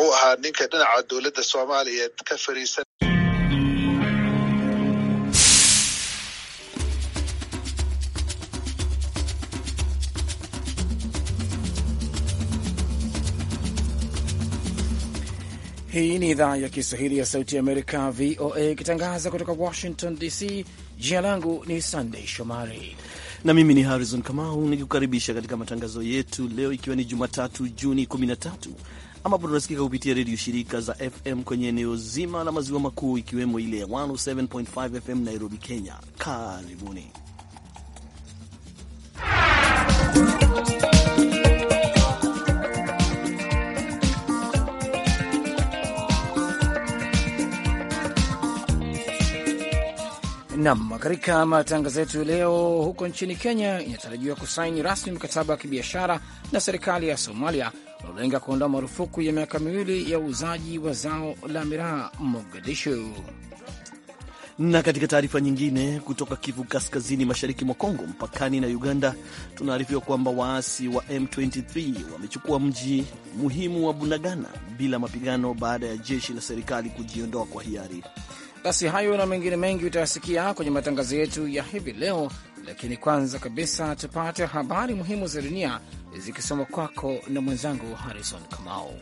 wuxuu ahaa ninka dhinaca dowladda soomaaliya ka fariisan. Hii ni idhaa ya Kiswahili ya Sauti ya Amerika, VOA, ikitangaza kutoka Washington DC. Jina langu ni Sandey Shomari na mimi ni Harrison Kamau nikikukaribisha katika matangazo yetu leo, ikiwa ni Jumatatu Juni 13 ambapo tunasikika kupitia redio shirika za FM kwenye eneo zima la maziwa makuu ikiwemo ile ya 107.5 FM Nairobi, Kenya. Karibuni. Nam, katika matangazo yetu leo, huko nchini Kenya inatarajiwa kusaini rasmi mkataba wa kibiashara na serikali ya Somalia unaolenga kuondoa marufuku ya miaka miwili ya uuzaji wa zao la miraa Mogadishu. Na katika taarifa nyingine kutoka Kivu kaskazini mashariki mwa Kongo mpakani na Uganda, tunaarifiwa kwamba waasi wa M23 wamechukua mji muhimu wa Bunagana bila mapigano baada ya jeshi la serikali kujiondoa kwa hiari. Basi hayo na mengine mengi utayasikia kwenye matangazo yetu ya hivi leo lakini kwanza kabisa tupate habari muhimu za dunia zikisoma kwako na mwenzangu Harrison Kamau.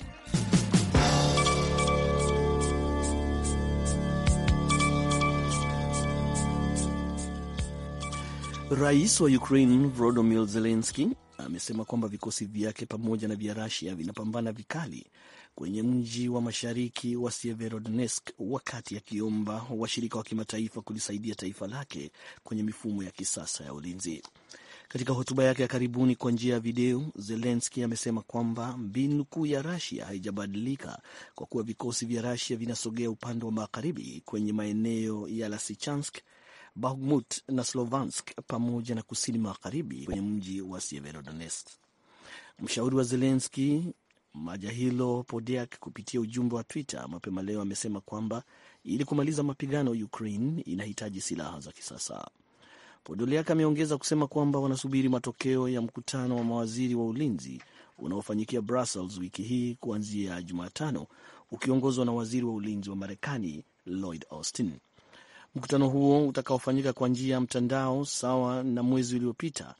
Rais wa Ukraine Volodymyr Zelensky amesema kwamba vikosi vyake pamoja na vya rasia vinapambana vikali kwenye mji wa mashariki wa Severodonetsk wakati akiomba washirika wa kimataifa kulisaidia taifa lake kwenye mifumo ya kisasa ya ulinzi. Katika hotuba yake ya karibuni kwa njia ya video, Zelenski amesema kwamba mbinu kuu ya Rasia haijabadilika kwa kuwa vikosi vya Rasia vinasogea upande wa magharibi kwenye maeneo ya Lasichansk, Bahmut na Slovansk pamoja na kusini magharibi kwenye mji wa Severodonetsk. Mshauri wa Zelenski Majahilo Podiak kupitia ujumbe wa Twitter mapema leo amesema kwamba ili kumaliza mapigano Ukraine inahitaji silaha za kisasa. Podoliak ameongeza kusema kwamba wanasubiri matokeo ya mkutano wa mawaziri wa ulinzi unaofanyikia Brussels wiki hii kuanzia Jumatano, ukiongozwa na waziri wa ulinzi wa Marekani Lloyd Austin. Mkutano huo utakaofanyika kwa njia ya mtandao sawa na mwezi uliopita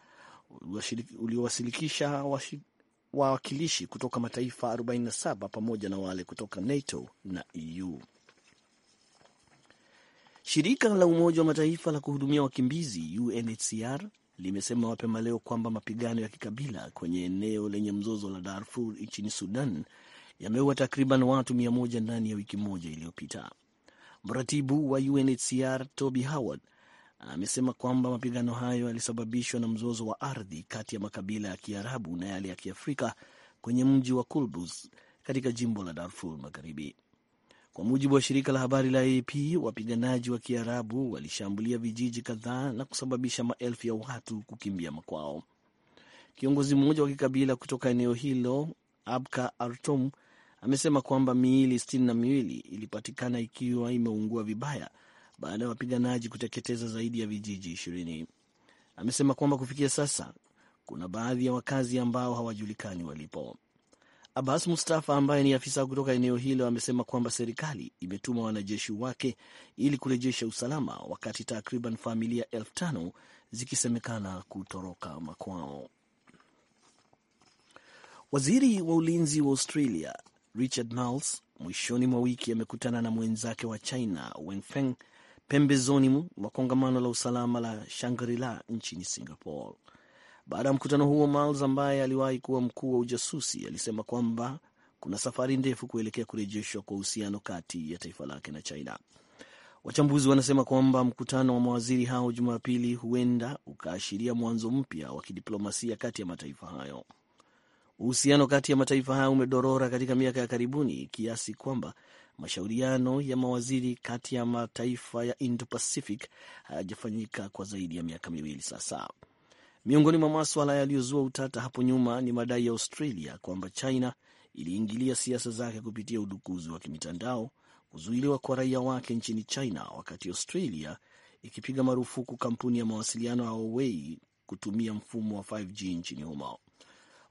uliowasilikisha wawakilishi kutoka mataifa 47 pamoja na wale kutoka NATO na EU. Shirika la Umoja wa Mataifa la kuhudumia wakimbizi UNHCR limesema mapema leo kwamba mapigano ya kikabila kwenye eneo lenye mzozo la Darfur nchini Sudan yameua takriban watu mia moja ndani ya wiki moja iliyopita. Mratibu wa UNHCR Toby Howard amesema kwamba mapigano hayo yalisababishwa na mzozo wa ardhi kati ya makabila ya Kiarabu na yale ya Kiafrika kwenye mji wa Kulbus katika jimbo la Darfur Magharibi. Kwa mujibu wa shirika la habari la AP, wapiganaji wa Kiarabu walishambulia vijiji kadhaa na kusababisha maelfu ya watu kukimbia makwao. Kiongozi mmoja wa kikabila kutoka eneo hilo Abka Artom amesema kwamba miili sitini na miwili ilipatikana ikiwa imeungua vibaya baada ya wapiganaji kuteketeza zaidi ya vijiji ishirini. Amesema kwamba kufikia sasa kuna baadhi ya wakazi ambao hawajulikani walipo. Abbas Mustafa ambaye ni afisa kutoka eneo hilo amesema kwamba serikali imetuma wanajeshi wake ili kurejesha usalama, wakati takriban familia elfu tano zikisemekana kutoroka makwao. Waziri wa ulinzi wa Australia Richard Marles mwishoni mwa wiki amekutana na mwenzake wa China Wenfeng pembezoni mwa kongamano la usalama la Shangri-La nchini Singapore. Baada ya mkutano huo, Miles ambaye aliwahi kuwa mkuu wa ujasusi alisema kwamba kuna safari ndefu kuelekea kurejeshwa kwa uhusiano kati ya taifa lake na China. Wachambuzi wanasema kwamba mkutano wa mawaziri hao Jumapili huenda ukaashiria mwanzo mpya wa kidiplomasia kati ya mataifa hayo. Uhusiano kati ya mataifa hayo umedorora katika miaka ya karibuni kiasi kwamba mashauriano ya mawaziri kati ya mataifa ya Indo-Pacific hayajafanyika kwa zaidi ya miaka miwili sasa. Miongoni mwa maswala yaliyozua utata hapo nyuma ni madai ya Australia kwamba China iliingilia siasa zake kupitia udukuzi wa kimitandao, kuzuiliwa kwa raia wake nchini China, wakati Australia ikipiga marufuku kampuni ya mawasiliano ya Huawei kutumia mfumo wa 5G nchini humo.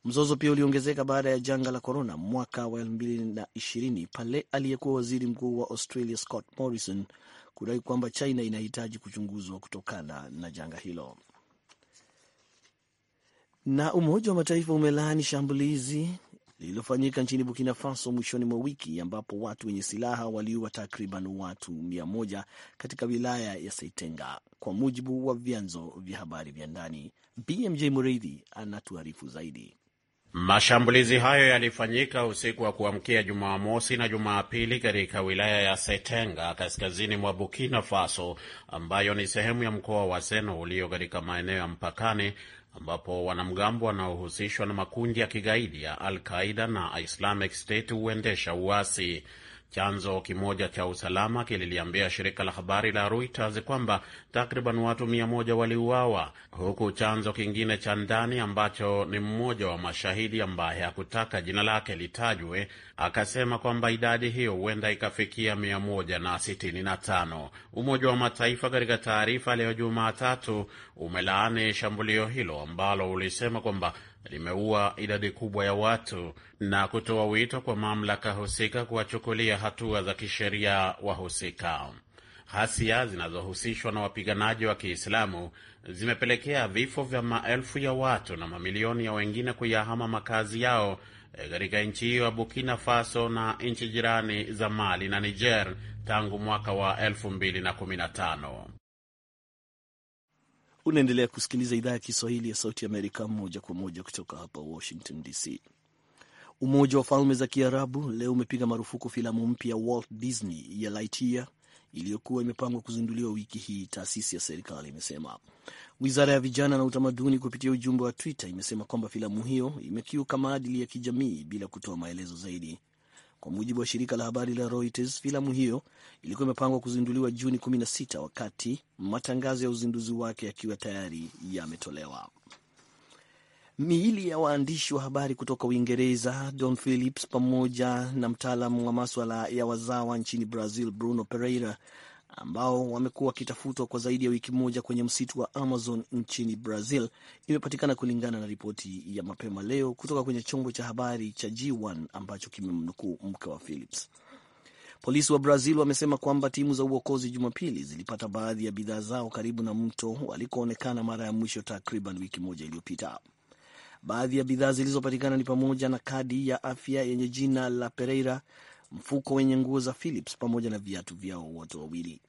Mzozo pia uliongezeka baada ya janga la korona mwaka wa 2020 pale aliyekuwa waziri mkuu wa Australia Scott Morrison kudai kwamba China inahitaji kuchunguzwa kutokana na janga hilo. Na Umoja wa Mataifa umelaani shambulizi lililofanyika nchini Burkina Faso mwishoni mwa wiki ambapo watu wenye silaha waliua takriban watu mia moja katika wilaya ya Seitenga, kwa mujibu wa vyanzo vya habari vya ndani. BMJ Mureithi anatuarifu zaidi. Mashambulizi hayo yalifanyika usiku wa kuamkia Jumamosi na Jumapili katika wilaya ya Setenga kaskazini mwa Burkina Faso, ambayo ni sehemu ya mkoa wa Seno ulio katika maeneo ya mpakani, ambapo wanamgambo wanaohusishwa na makundi ya kigaidi ya Al Qaida na Islamic State huendesha uasi. Chanzo kimoja cha usalama kililiambia shirika la habari la Reuters kwamba takriban watu mia moja waliuawa, huku chanzo kingine cha ndani ambacho ni mmoja wa mashahidi ambaye hakutaka jina lake litajwe akasema kwamba idadi hiyo huenda ikafikia mia moja na sitini na tano. Umoja wa Mataifa katika taarifa leo Jumatatu umelaani shambulio hilo ambalo ulisema kwamba limeua idadi kubwa ya watu na kutoa wito kwa mamlaka husika kuwachukulia hatua za kisheria wahusika. Ghasia zinazohusishwa na wapiganaji wa Kiislamu zimepelekea vifo vya maelfu ya watu na mamilioni ya wengine kuyahama makazi yao eh, katika nchi hiyo ya Burkina Faso na nchi jirani za Mali na Niger tangu mwaka wa 2015. Unaendelea kusikiliza idhaa ya Kiswahili ya Sauti Amerika moja kwa moja kutoka hapa Washington DC. Umoja wa Falme za Kiarabu leo umepiga marufuku filamu mpya Walt Disney ya Lightyear iliyokuwa imepangwa kuzinduliwa wiki hii, taasisi ya serikali imesema. Wizara ya Vijana na Utamaduni kupitia ujumbe wa Twitter imesema kwamba filamu hiyo imekiuka maadili ya kijamii bila kutoa maelezo zaidi. Kwa mujibu wa shirika la habari la Reuters, filamu hiyo ilikuwa imepangwa kuzinduliwa Juni 16 wakati matangazo ya uzinduzi wake yakiwa tayari yametolewa. Miili ya waandishi wa habari kutoka Uingereza, Don Phillips pamoja na mtaalamu wa maswala ya wazawa nchini Brazil, Bruno Pereira ambao wamekuwa wakitafutwa kwa zaidi ya wiki moja kwenye msitu wa Amazon nchini Brazil imepatikana kulingana na ripoti ya mapema leo kutoka kwenye chombo cha habari cha G1 ambacho kimemnukuu mke wa Phillips. Polisi wa Brazil wamesema kwamba timu za uokozi Jumapili zilipata baadhi ya bidhaa zao karibu na mto walikoonekana mara ya mwisho takriban wiki moja iliyopita. Baadhi ya bidhaa zilizopatikana ni pamoja na kadi ya afya yenye jina la Pereira mfuko wenye nguo za Phillips pamoja na viatu vyao wote wawili.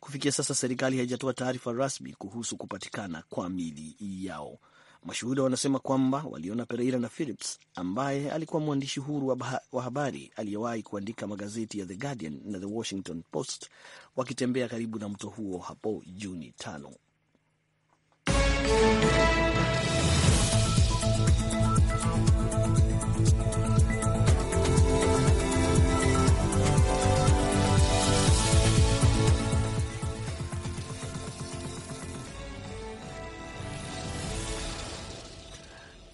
Kufikia sasa serikali haijatoa taarifa rasmi kuhusu kupatikana kwa mili yao. Mashuhuda wanasema kwamba waliona Pereira na Phillips, ambaye alikuwa mwandishi huru wa habari aliyewahi kuandika magazeti ya The Guardian na The Washington Post, wakitembea karibu na mto huo hapo Juni tano.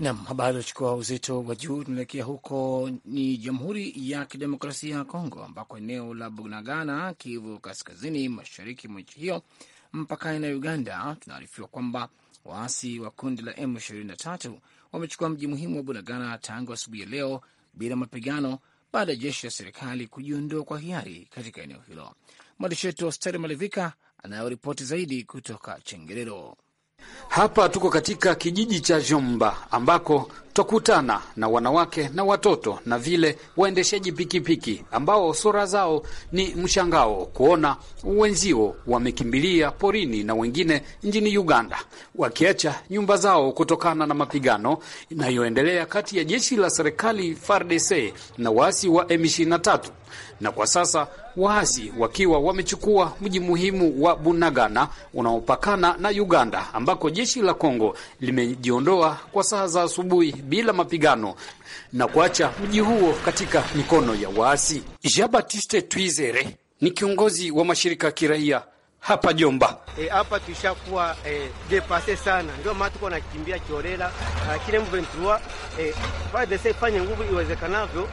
Nam, habari iliochukua uzito wa juu tunaelekea huko ni Jamhuri ya Kidemokrasia ya Kongo, ambako eneo la Bunagana, Kivu kaskazini mashariki mwa nchi hiyo mpakani na Uganda, tunaarifiwa kwamba waasi wa kundi la M23 wamechukua mji muhimu wa Bunagana tangu asubuhi ya leo bila mapigano, baada ya jeshi la serikali kujiondoa kwa hiari katika eneo hilo. Mwandishi wetu Osteri Malivika anayoripoti zaidi kutoka Chengerero. Hapa tuko katika kijiji cha Jomba ambako twakutana na wanawake na watoto na vile waendeshaji pikipiki ambao sura zao ni mshangao kuona wenzio wamekimbilia porini na wengine nchini Uganda, wakiacha nyumba zao kutokana na mapigano inayoendelea kati ya jeshi la serikali FARDC na waasi wa M23 na kwa sasa waasi wakiwa wamechukua mji muhimu wa Bunagana unaopakana na Uganda, ambako jeshi la Kongo limejiondoa kwa saa za asubuhi bila mapigano na kuacha mji huo katika mikono ya waasi. Jean Baptiste Twizere ni kiongozi wa mashirika ya kiraia hapa Jomba. E, hapa tushakuwa e, depase sana, ndio maana tuko nakimbia kiolela, e, kile M23 e, FARDC fanye nguvu iwezekanavyo,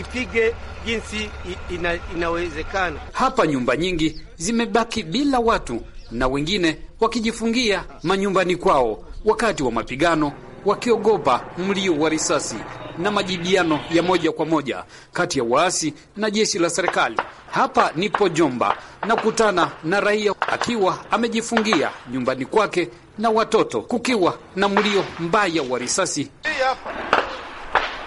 ipige jinsi ina, inawezekana. Hapa nyumba nyingi zimebaki bila watu na wengine wakijifungia manyumbani kwao wakati wa mapigano wakiogopa mlio wa risasi na majibiano ya moja kwa moja kati ya waasi na jeshi la serikali. Hapa nipo Jomba na kutana na raia akiwa amejifungia nyumbani kwake na watoto, kukiwa na mlio mbaya wa risasi.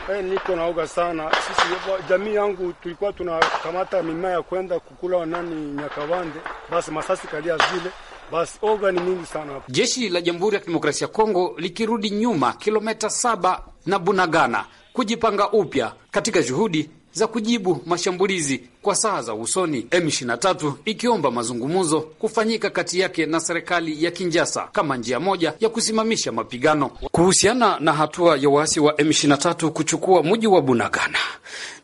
Hey, eh, niko naoga sana. Sisi jamii yangu tulikuwa tunakamata mimea ya kwenda kukula nani Nyakawande, basi masasi kalia zile basi oga ni mingi sana hapa. Jeshi la Jamhuri ya Kidemokrasia ya Kongo likirudi nyuma kilomita saba na Bunagana kujipanga upya katika juhudi za kujibu mashambulizi kwa saa za usoni, M23 ikiomba mazungumzo kufanyika kati yake na serikali ya Kinjasa kama njia moja ya kusimamisha mapigano. Kuhusiana na hatua ya waasi wa M23 kuchukua mji wa Bunagana,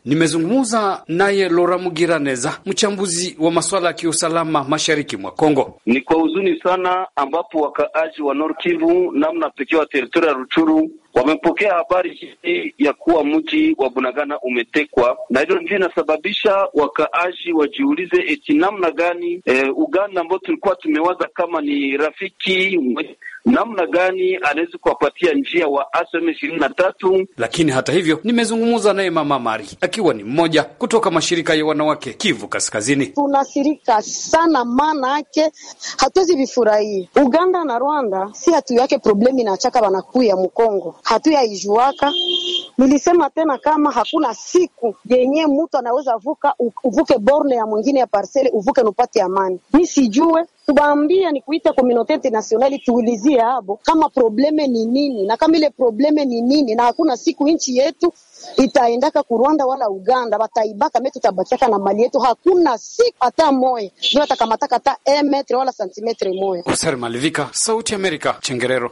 Nimezungumza naye Lora Mugiraneza, mchambuzi wa masuala ya kiusalama mashariki mwa Kongo. Ni kwa huzuni sana ambapo wakaaji wa Nord Kivu namna pekee wa teritori ya Ruchuru wamepokea habari hii ya kuwa mji wa Bunagana umetekwa, na hilo ndio inasababisha wakaaji wajiulize eti namna gani e, Uganda ambao tulikuwa tumewaza kama ni rafiki namna gani anaweza kuwapatia njia wa asem ishirini na tatu. Lakini hata hivyo, nimezungumza naye mama Mari akiwa ni mmoja kutoka mashirika ya wanawake Kivu Kaskazini. Tunasirika sana, maana yake hatuwezi vifurahia Uganda na Rwanda, si hatu yake problemi inachaka wanakuya Mkongo, hatu ya ijuaka. Nilisema tena kama hakuna siku yenye mtu anaweza vuka uvuke borne ya mwingine ya parcele uvuke nupati amani, mi sijue kubambia ni kuita komunote nasionali tuulizie hapo kama probleme ni nini, na kama ile probleme ni nini, na hakuna siku nchi yetu itaendaka ku Rwanda wala Uganda, bataibaka metu tabakiaka na mali yetu, hakuna siku hata moya ndio atakamataka hata emetre wala santimetre moya. Sauti ya Amerika, Chengerero.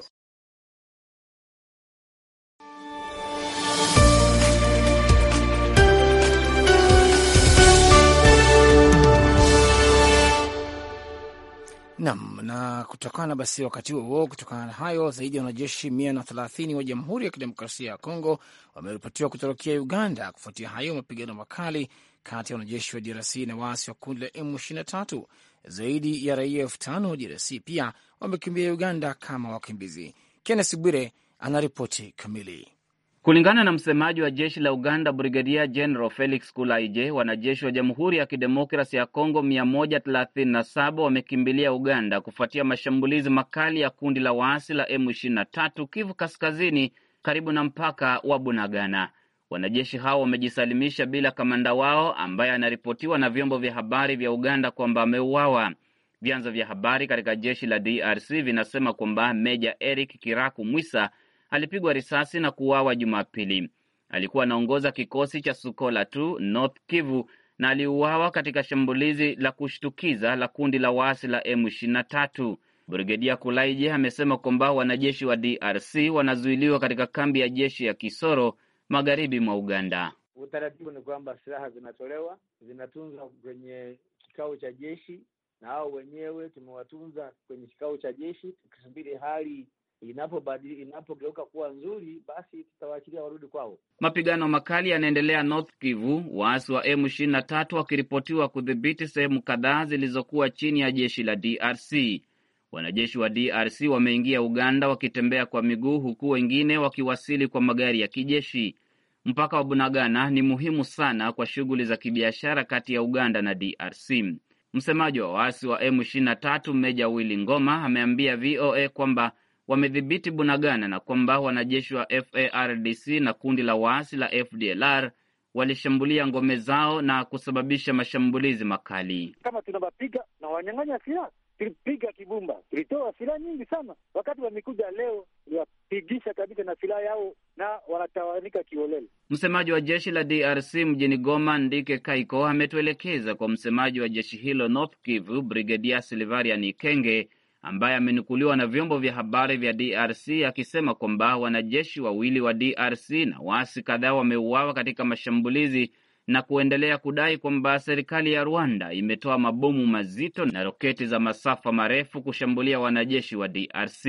Nam na kutokana basi, wakati huo kutokana na hayo, zaidi ya wanajeshi mia na thelathini wa Jamhuri ya Kidemokrasia ya Kongo wameripotiwa kutorokea Uganda kufuatia hayo mapigano makali kati ya wanajeshi wa DRC na waasi wa kundi la M23. Zaidi ya raia elfu tano wa DRC pia wamekimbia Uganda kama wakimbizi. Kennes Bwire anaripoti kamili. Kulingana na msemaji wa jeshi la Uganda, Brigadia General Felix Kulaije, wanajeshi wa Jamhuri ya Kidemokrasi ya Kongo 137 wamekimbilia Uganda kufuatia mashambulizi makali ya kundi la waasi la M23 Kivu Kaskazini, karibu na mpaka wa Bunagana. Wanajeshi hao wamejisalimisha bila kamanda wao ambaye anaripotiwa na vyombo vya habari vya Uganda kwamba ameuawa. Vyanzo vya habari katika jeshi la DRC vinasema kwamba Meja Eric Kiraku Mwisa alipigwa risasi na kuuawa Jumapili. Alikuwa anaongoza kikosi cha Sukola tu North Kivu na aliuawa katika shambulizi la kushtukiza la kundi la waasi la M23. Brigedia Kulaije amesema kwamba wanajeshi wa DRC wanazuiliwa katika kambi ya jeshi ya Kisoro magharibi mwa Uganda. Utaratibu ni kwamba silaha zinatolewa, zinatunzwa kwenye kikao cha jeshi, na hao wenyewe tumewatunza kwenye kikao cha jeshi tukisubiri hali inapobadili inapogeuka kuwa nzuri, basi tutawaachilia warudi kwao. Mapigano makali yanaendelea North Kivu, waasi wa M ishirini na tatu wakiripotiwa kudhibiti sehemu kadhaa zilizokuwa chini ya jeshi la DRC. Wanajeshi wa DRC wameingia Uganda wakitembea kwa miguu, huku wengine wakiwasili kwa magari ya kijeshi. Mpaka wa Bunagana ni muhimu sana kwa shughuli za kibiashara kati ya Uganda na DRC. Msemaji wa waasi wa M23 Meja Willy Ngoma ameambia VOA kwamba wamedhibiti Bunagana na kwamba wanajeshi wa FARDC na kundi la waasi la FDLR walishambulia ngome zao na kusababisha mashambulizi makali. Kama tunawapiga na wanyang'anya silaha, tulipiga Kibumba, tulitoa silaha nyingi sana. Wakati wamekuja leo, liwapigisha kabisa na silaha yao na wanatawanika kiolele. Msemaji wa jeshi la DRC mjini Goma, Ndike Kaiko, ametuelekeza kwa msemaji wa jeshi hilo North Kivu, Brigedia Silvarian Ikenge ambaye amenukuliwa na vyombo vya habari vya DRC akisema kwamba wanajeshi wawili wa DRC na waasi kadhaa wameuawa katika mashambulizi na kuendelea kudai kwamba serikali ya Rwanda imetoa mabomu mazito na roketi za masafa marefu kushambulia wanajeshi wa DRC.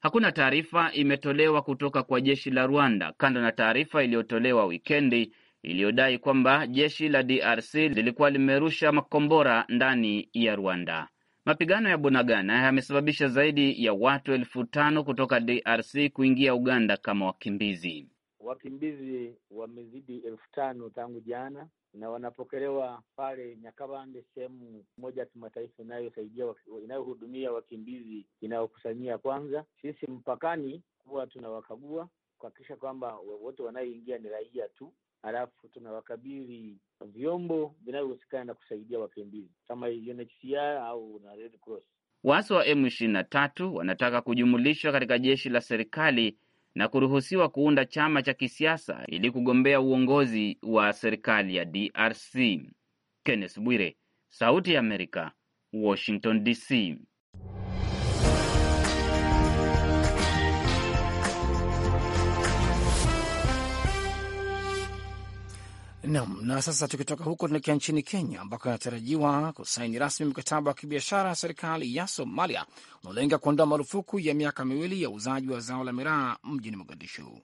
Hakuna taarifa imetolewa kutoka kwa jeshi la Rwanda kando na taarifa iliyotolewa wikendi iliyodai kwamba jeshi la DRC lilikuwa limerusha makombora ndani ya Rwanda. Mapigano ya Bunagana yamesababisha zaidi ya watu elfu tano kutoka DRC kuingia Uganda kama wakimbizi. Wakimbizi wamezidi elfu tano tangu jana na wanapokelewa pale Nyakabande, sehemu moja ya kimataifa inayosaidia inayohudumia wakimbizi inayokusanyia kwanza. Sisi mpakani huwa tunawakagua kuhakikisha kwamba wote wanaoingia ni raia tu, halafu tunawakabili vyombo vinavyohusikana na kusaidia wakimbizi kama UNHCR au na Red Cross. Waasi wa M ishirini na tatu wanataka kujumulishwa katika jeshi la serikali na kuruhusiwa kuunda chama cha kisiasa ili kugombea uongozi wa serikali ya DRC. Kenneth Bwire, Sauti ya Amerika, Washington DC. Naam. Na sasa tukitoka huko tunaelekea nchini Kenya ambako anatarajiwa kusaini rasmi mkataba wa kibiashara ya serikali ya Somalia unaolenga kuondoa marufuku ya miaka miwili ya uuzaji wa zao la miraa mjini Mogadishu.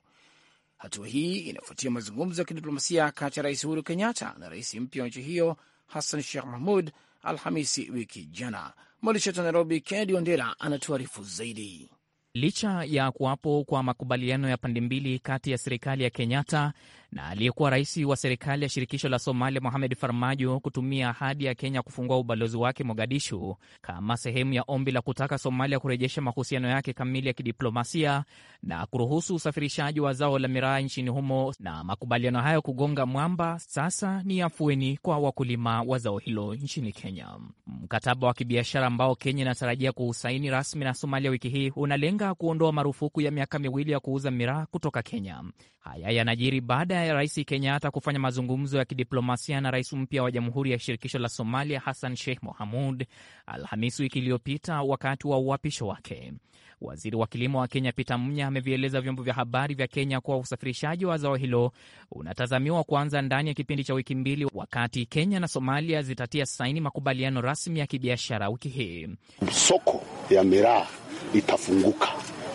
Hatua hii inafuatia mazungumzo ya kidiplomasia kati ya Rais Uhuru Kenyatta na rais mpya wa nchi hiyo Hassan Sheikh Mahmud Alhamisi wiki jana. Mwandishi wetu wa Nairobi, Kennedy Ondera, anatuarifu zaidi. Licha ya kuwapo kwa makubaliano ya pande mbili kati ya serikali ya Kenyatta na aliyekuwa rais wa serikali ya shirikisho la Somalia Mohamed Farmajo kutumia ahadi ya Kenya kufungua ubalozi wake Mogadishu kama sehemu ya ombi la kutaka Somalia kurejesha mahusiano yake kamili ya kidiplomasia na kuruhusu usafirishaji wa zao la miraa nchini humo, na makubaliano hayo kugonga mwamba, sasa ni afueni kwa wakulima wa zao hilo nchini Kenya. Mkataba wa kibiashara ambao Kenya inatarajia kuusaini rasmi na Somalia wiki hii unalenga kuondoa marufuku ya miaka miwili ya kuuza miraa kutoka Kenya. Haya yanajiri baada baada ya Rais Kenyatta kufanya mazungumzo ya kidiplomasia na rais mpya wa Jamhuri ya Shirikisho la Somalia Hassan Sheikh Mohamud Alhamisi wiki iliyopita wakati wa uapisho wake. Waziri wa kilimo wa Kenya Peter Munya amevieleza vyombo vya habari vya Kenya kuwa usafirishaji wa zao hilo unatazamiwa kuanza ndani ya kipindi cha wiki mbili, wakati Kenya na Somalia zitatia saini makubaliano rasmi ya kibiashara wiki hii. Soko ya miraa itafunguka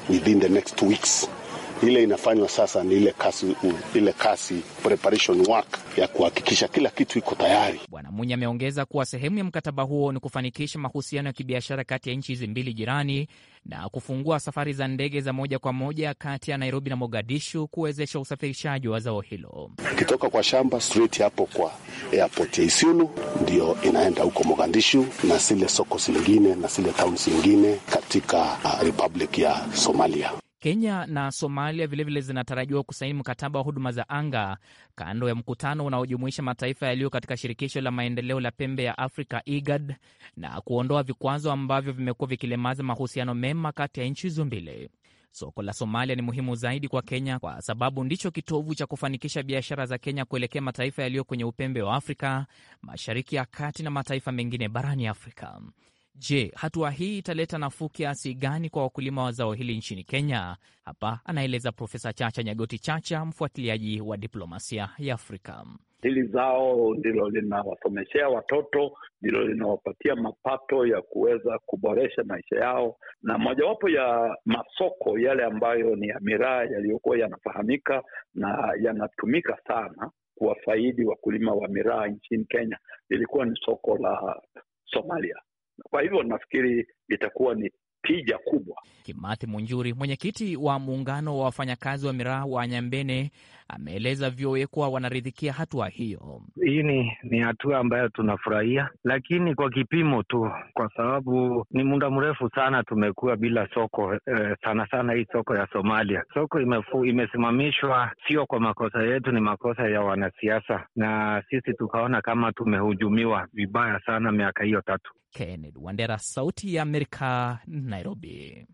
within the next two weeks. Ile inafanywa sasa ni ile kasi, ile kasi preparation work ya kuhakikisha kila kitu iko tayari. Bwana Munya ameongeza kuwa sehemu ya mkataba huo ni kufanikisha mahusiano ya kibiashara kati ya nchi hizi mbili jirani na kufungua safari za ndege za moja kwa moja kati ya Nairobi na Mogadishu kuwezesha usafirishaji wa zao hilo kitoka kwa shamba straight hapo kwa airport ya Isiolo ndio inaenda huko Mogadishu na zile soko zingine na zile towns zingine katika uh, Republic ya Somalia. Kenya na Somalia vilevile zinatarajiwa kusaini mkataba wa huduma za anga kando ya mkutano unaojumuisha mataifa yaliyo katika shirikisho la maendeleo la pembe ya Afrika, IGAD, na kuondoa vikwazo ambavyo vimekuwa vikilemaza mahusiano mema kati ya nchi hizo mbili. Soko la Somalia ni muhimu zaidi kwa Kenya kwa sababu ndicho kitovu cha kufanikisha biashara za Kenya kuelekea mataifa yaliyo kwenye upembe wa Afrika, mashariki ya kati na mataifa mengine barani Afrika. Je, hatua hii italeta nafuu kiasi gani kwa wakulima wa zao hili nchini Kenya? Hapa anaeleza Profesa Chacha Nyagoti Chacha, mfuatiliaji wa diplomasia ya Afrika. Hili zao ndilo linawasomeshea watoto, ndilo linawapatia mapato ya kuweza kuboresha maisha yao, na mojawapo ya masoko yale ambayo ni ya miraa yaliyokuwa yanafahamika na yanatumika sana kuwafaidi wakulima wa miraa nchini Kenya lilikuwa ni soko la Somalia kwa hivyo nafikiri itakuwa ni tija kubwa. Kimathi Munjuri, mwenyekiti wa muungano wa wafanyakazi wa miraa wa Nyambene, ameeleza VOA kuwa wanaridhikia hatua hiyo. Hii ni, ni hatua ambayo tunafurahia, lakini kwa kipimo tu, kwa sababu ni muda mrefu sana tumekuwa bila soko eh, sana sana hii soko ya Somalia. Soko imefu, imesimamishwa sio kwa makosa yetu, ni makosa ya wanasiasa, na sisi tukaona kama tumehujumiwa vibaya sana miaka hiyo tatu. Kennedy Wandera, Sauti ya Amerika, Nairobi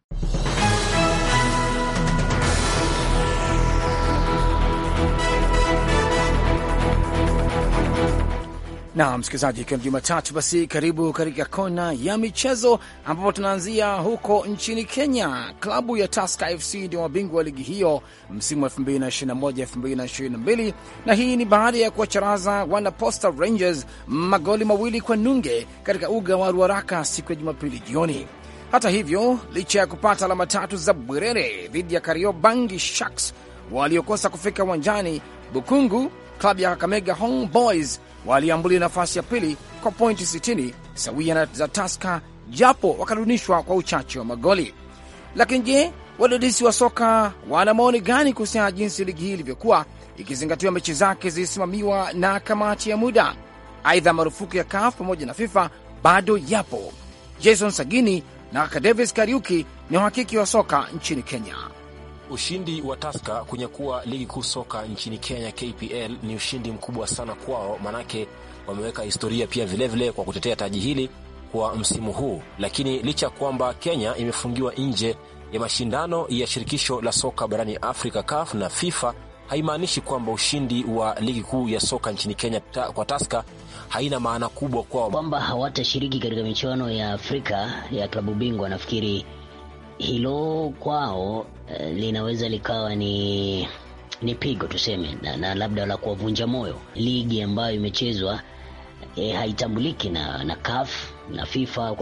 na msikilizaji, ikiwa ni Jumatatu, basi karibu katika kona ya michezo, ambapo tunaanzia huko nchini Kenya. Klabu ya taska FC ndio mabingwa wa ligi hiyo msimu wa 2021 2022, na hii ni baada ya kuwacharaza wana Posta Rangers magoli mawili kwa nunge katika uga wa Ruaraka siku ya Jumapili jioni. Hata hivyo, licha ya kupata alama tatu za bwerere dhidi ya Kariobangi Sharks waliokosa kufika uwanjani, Bukungu klabu ya Kakamega Boys waliambulia nafasi ya pili kwa pointi 60 sawia na za Taska, japo wakarudishwa kwa uchache wa magoli. Lakini je, wadadisi wa soka wana maoni gani kuhusiana na jinsi ligi hii ilivyokuwa ikizingatiwa mechi zake zilisimamiwa na kamati ya muda? Aidha, marufuku ya CAF pamoja na FIFA bado yapo. Jason Sagini na Davis Kariuki ni wahakiki wa soka nchini Kenya. Ushindi wa Tusker kunyakua ligi kuu soka nchini Kenya KPL ni ushindi mkubwa sana kwao, manake wameweka historia pia vilevile vile kwa kutetea taji hili kwa msimu huu. Lakini licha ya kwamba Kenya imefungiwa nje ya mashindano ya shirikisho la soka barani Afrika CAF na FIFA haimaanishi kwamba ushindi wa ligi kuu ya soka nchini Kenya ta, kwa Taska haina maana kubwa kwao, kwamba hawatashiriki katika michuano ya Afrika ya klabu bingwa. Nafikiri hilo kwao eh, linaweza likawa ni ni pigo tuseme, na, na labda la kuwavunja moyo. Ligi ambayo imechezwa eh, haitambuliki na, na CAF na FIFA.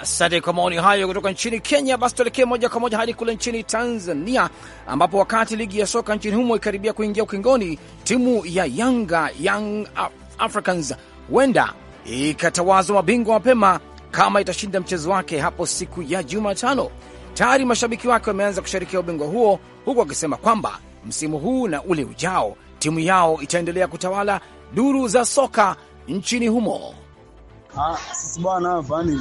Asante kwa maoni hayo kutoka nchini Kenya. Basi tuelekee moja kwa moja hadi kule nchini Tanzania, ambapo wakati ligi ya soka nchini humo ikaribia kuingia ukingoni, timu ya Yanga Young Africans huenda ikatawazwa mabingwa mapema kama itashinda mchezo wake hapo siku ya Jumatano. Tayari mashabiki wake wameanza kusherekea ubingwa huo, huku wakisema kwamba msimu huu na ule ujao timu yao itaendelea kutawala duru za soka nchini humo. Ah, sisi bwana hapa ni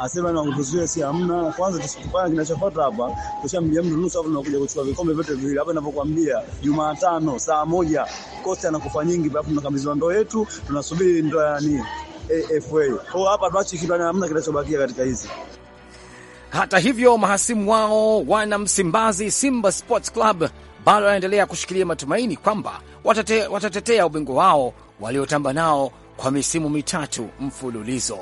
asema si hamna. Kwanza kinachofuata hapa, tushamjia mtu nusu hapo, tunakuja kuchukua vikombe vyote viwili hapa. Ninapokuambia Jumatano saa moja Kosta anakufa nyingi, alafu ndoo yetu, tunasubiri ndoo ya nini AFA. Kwa hapa tuachi kitu, hamna kinachobakia katika hizi hata hivyo mahasimu wao wana Msimbazi Simba Sports Club bado wanaendelea kushikilia matumaini kwamba watate, watatetea ubingwa wao waliotamba nao kwa misimu mitatu mfululizo.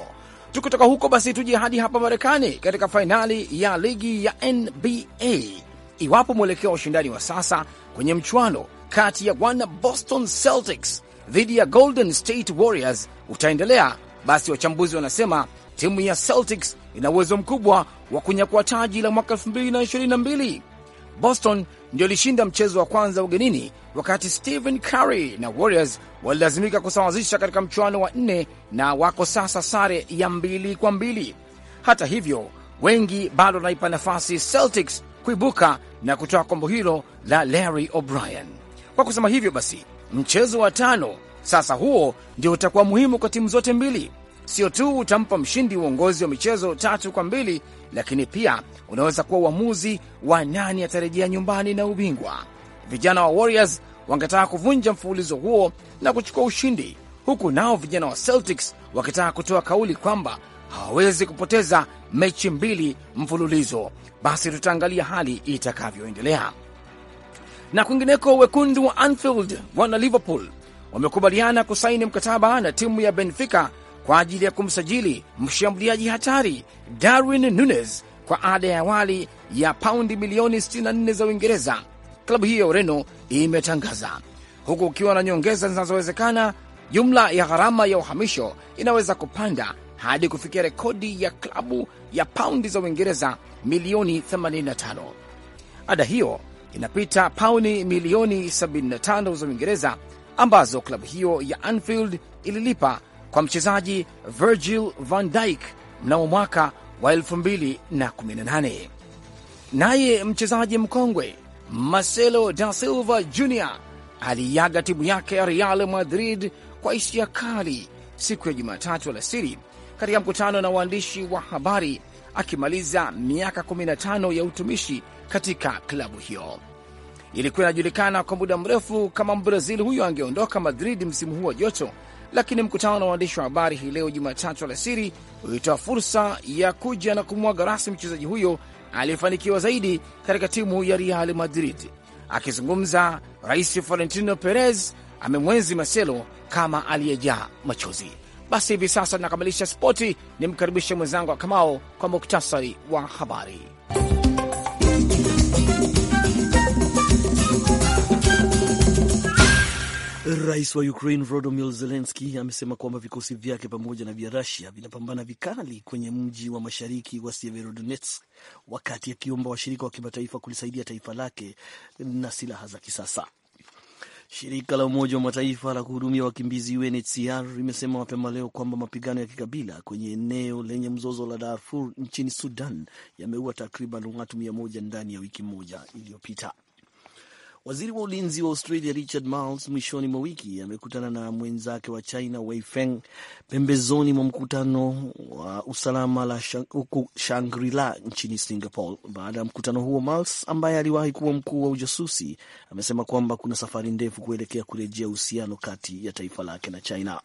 Tukitoka huko basi, tuje hadi hapa Marekani katika fainali ya ligi ya NBA. Iwapo mwelekeo wa ushindani wa sasa kwenye mchuano kati ya wana Boston Celtics dhidi ya Golden State Warriors utaendelea, basi wachambuzi wanasema timu ya Celtics ina uwezo mkubwa wa kunyakua taji la mwaka 2022. Boston ndio ilishinda mchezo wa kwanza ugenini, wakati Stephen Curry na Warriors walilazimika kusawazisha katika mchuano wa nne na wako sasa sare ya mbili kwa mbili. Hata hivyo, wengi bado wanaipa nafasi Celtics kuibuka na kutoa kombo hilo la Larry O'Brien. Kwa kusema hivyo basi, mchezo wa tano sasa huo ndio utakuwa muhimu kwa timu zote mbili sio tu utampa mshindi uongozi wa michezo tatu kwa mbili, lakini pia unaweza kuwa uamuzi wa nani atarejea nyumbani na ubingwa. Vijana wa Warriors wangetaka kuvunja mfululizo huo na kuchukua ushindi, huku nao vijana wa Celtics wakitaka kutoa kauli kwamba hawawezi kupoteza mechi mbili mfululizo. Basi tutaangalia hali itakavyoendelea. Na kwingineko, wekundu wa Anfield wana Liverpool wamekubaliana kusaini mkataba na timu ya Benfica kwa ajili ya kumsajili mshambuliaji hatari Darwin Nunes kwa ada ya awali ya paundi milioni 64 za Uingereza, klabu hiyo ya Ureno imetangaza, huku ukiwa na nyongeza zinazowezekana. Jumla ya gharama ya uhamisho inaweza kupanda hadi kufikia rekodi ya klabu ya paundi za Uingereza milioni 85. Ada hiyo inapita pauni milioni 75 za Uingereza ambazo klabu hiyo ya Anfield ililipa kwa mchezaji Virgil van Dijk mnamo mwaka wa 2018. Naye mchezaji mkongwe Marcelo da Silva Jr aliiaga timu yake ya Real Madrid kwa hisia kali siku ya Jumatatu alasiri katika mkutano na waandishi wa habari akimaliza miaka 15 ya utumishi katika klabu hiyo. Ilikuwa inajulikana kwa muda mrefu kama Mbrazil huyo angeondoka Madrid msimu huu wa joto, lakini mkutano na waandishi wa habari hii leo Jumatatu alasiri ulitoa fursa ya kuja na kumwaga rasmi mchezaji huyo aliyefanikiwa zaidi katika timu ya Real Madrid. Akizungumza, Rais Florentino Perez amemwenzi Marcelo kama aliyejaa machozi. Basi hivi sasa tunakamilisha spoti, nimkaribishe mwenzangu wa Kamao kwa muktasari wa habari. Rais wa Ukraine Volodymyr Zelensky amesema kwamba vikosi vyake pamoja na vya rasia vinapambana vikali kwenye mji wa mashariki wa Severodonetsk, wakati akiomba washirika wa kimataifa kulisaidia taifa lake na silaha za kisasa. Shirika la Umoja wa Mataifa la kuhudumia wakimbizi UNHCR limesema mapema leo kwamba mapigano ya kikabila kwenye eneo lenye mzozo la Darfur nchini Sudan yameua takriban watu mia moja ndani ya wiki moja iliyopita. Waziri wa ulinzi wa Australia Richard Marles mwishoni mwa wiki amekutana na mwenzake wa China Weifeng pembezoni mwa mkutano wa usalama la huku Shangri-La nchini Singapore. Baada ya mkutano huo, Marles ambaye aliwahi kuwa mkuu wa ujasusi amesema kwamba kuna safari ndefu kuelekea kurejea uhusiano kati ya taifa lake na China.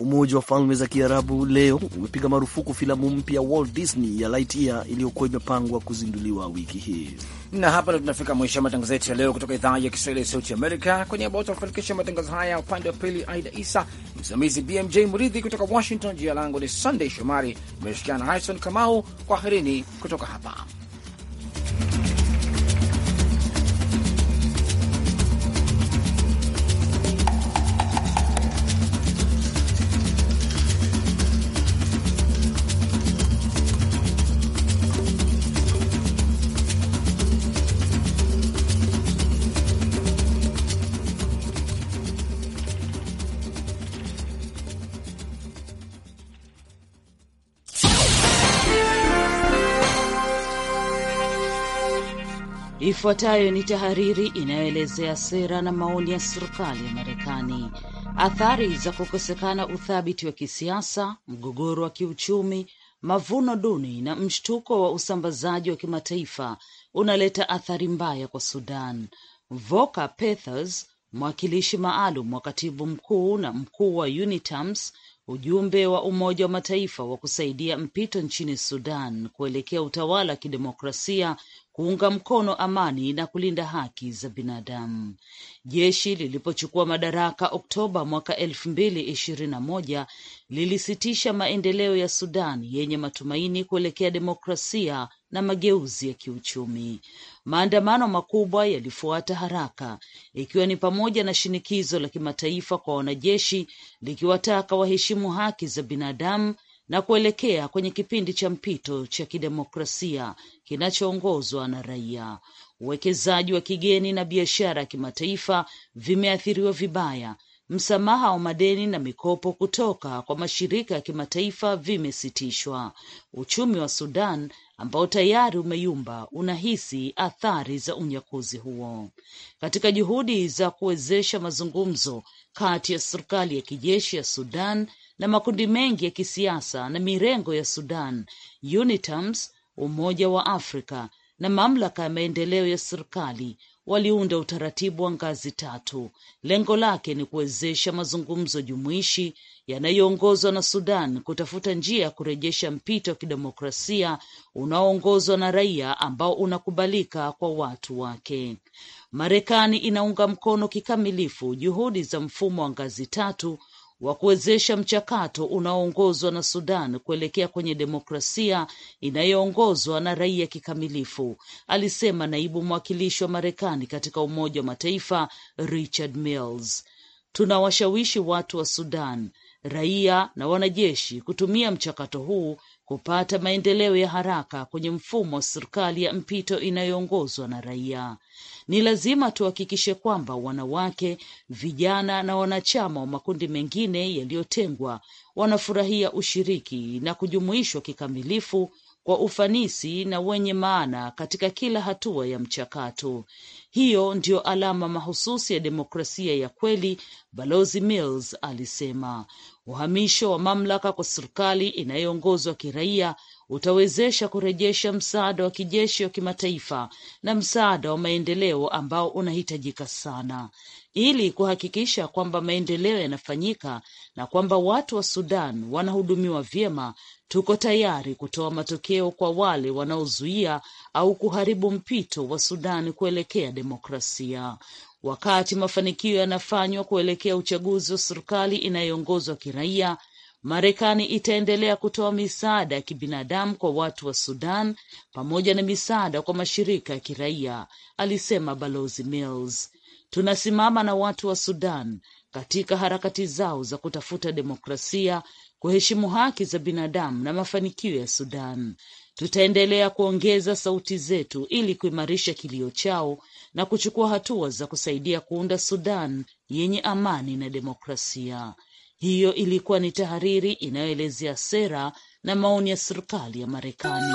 Umoja wa Falme za Kiarabu leo umepiga marufuku filamu mpya Walt Disney ya Lightyear iliyokuwa imepangwa kuzinduliwa wiki hii. Na hapa ndo tunafika mwisho wa matangazo yetu ya leo kutoka idhaa ya Kiswahili ya Sauti Amerika. Kwa niaba wote wakufanikisha matangazo haya, upande wa pili Aida Isa, msimamizi BMJ Mridhi kutoka Washington. Jina langu ni Sunday Shomari, imeshirikiana na Harrison Kamau. Kwaherini kutoka hapa. Ifuatayo ni tahariri inayoelezea sera na maoni ya serikali ya Marekani. Athari za kukosekana uthabiti wa kisiasa, mgogoro wa kiuchumi, mavuno duni na mshtuko wa usambazaji wa kimataifa unaleta athari mbaya kwa Sudan. Volker Perthes, mwakilishi maalum wa katibu mkuu na mkuu wa UNITAMS, ujumbe wa Umoja wa Mataifa wa kusaidia mpito nchini Sudan kuelekea utawala wa kidemokrasia kuunga mkono amani na kulinda haki za binadamu. Jeshi lilipochukua madaraka Oktoba mwaka elfu mbili ishirini na moja lilisitisha maendeleo ya Sudan yenye matumaini kuelekea demokrasia na mageuzi ya kiuchumi. Maandamano makubwa yalifuata haraka, ikiwa ni pamoja na shinikizo la kimataifa kwa wanajeshi likiwataka waheshimu haki za binadamu na kuelekea kwenye kipindi cha mpito cha kidemokrasia kinachoongozwa na raia. Uwekezaji wa kigeni na biashara ya kimataifa vimeathiriwa vibaya. Msamaha wa madeni na mikopo kutoka kwa mashirika ya kimataifa vimesitishwa. Uchumi wa Sudan ambao tayari umeyumba unahisi athari za unyakuzi huo. Katika juhudi za kuwezesha mazungumzo, kati ya serikali ya kijeshi ya Sudan na makundi mengi ya kisiasa na mirengo ya Sudan, UNITAMS, Umoja wa Afrika na mamlaka ya maendeleo ya serikali waliunda utaratibu wa ngazi tatu. Lengo lake ni kuwezesha mazungumzo jumuishi yanayoongozwa na Sudan kutafuta njia ya kurejesha mpito wa kidemokrasia unaoongozwa na raia ambao unakubalika kwa watu wake. Marekani inaunga mkono kikamilifu juhudi za mfumo wa ngazi tatu wa kuwezesha mchakato unaoongozwa na Sudan kuelekea kwenye demokrasia inayoongozwa na raia kikamilifu, alisema naibu mwakilishi wa Marekani katika Umoja wa Mataifa Richard Mills. Tunawashawishi watu wa Sudan, raia na wanajeshi kutumia mchakato huu kupata maendeleo ya haraka kwenye mfumo wa serikali ya mpito inayoongozwa na raia. Ni lazima tuhakikishe kwamba wanawake, vijana na wanachama wa makundi mengine yaliyotengwa wanafurahia ushiriki na kujumuishwa kikamilifu kwa ufanisi na wenye maana katika kila hatua ya mchakato. Hiyo ndiyo alama mahususi ya demokrasia ya kweli, Balozi Mills alisema. Uhamisho wa mamlaka kwa serikali inayoongozwa kiraia utawezesha kurejesha msaada wa kijeshi wa kimataifa na msaada wa maendeleo ambao unahitajika sana ili kuhakikisha kwamba maendeleo yanafanyika na kwamba watu wa Sudan wanahudumiwa vyema. Tuko tayari kutoa matokeo kwa wale wanaozuia au kuharibu mpito wa Sudan kuelekea demokrasia. Wakati mafanikio yanafanywa kuelekea uchaguzi wa serikali inayoongozwa kiraia, Marekani itaendelea kutoa misaada ya kibinadamu kwa watu wa Sudan pamoja na misaada kwa mashirika ya kiraia, alisema Balozi Mills. Tunasimama na watu wa Sudan katika harakati zao za kutafuta demokrasia, kuheshimu haki za binadamu na mafanikio ya Sudan. Tutaendelea kuongeza sauti zetu ili kuimarisha kilio chao na kuchukua hatua za kusaidia kuunda Sudan yenye amani na demokrasia. Hiyo ilikuwa ni tahariri inayoelezea sera na maoni ya serikali ya Marekani.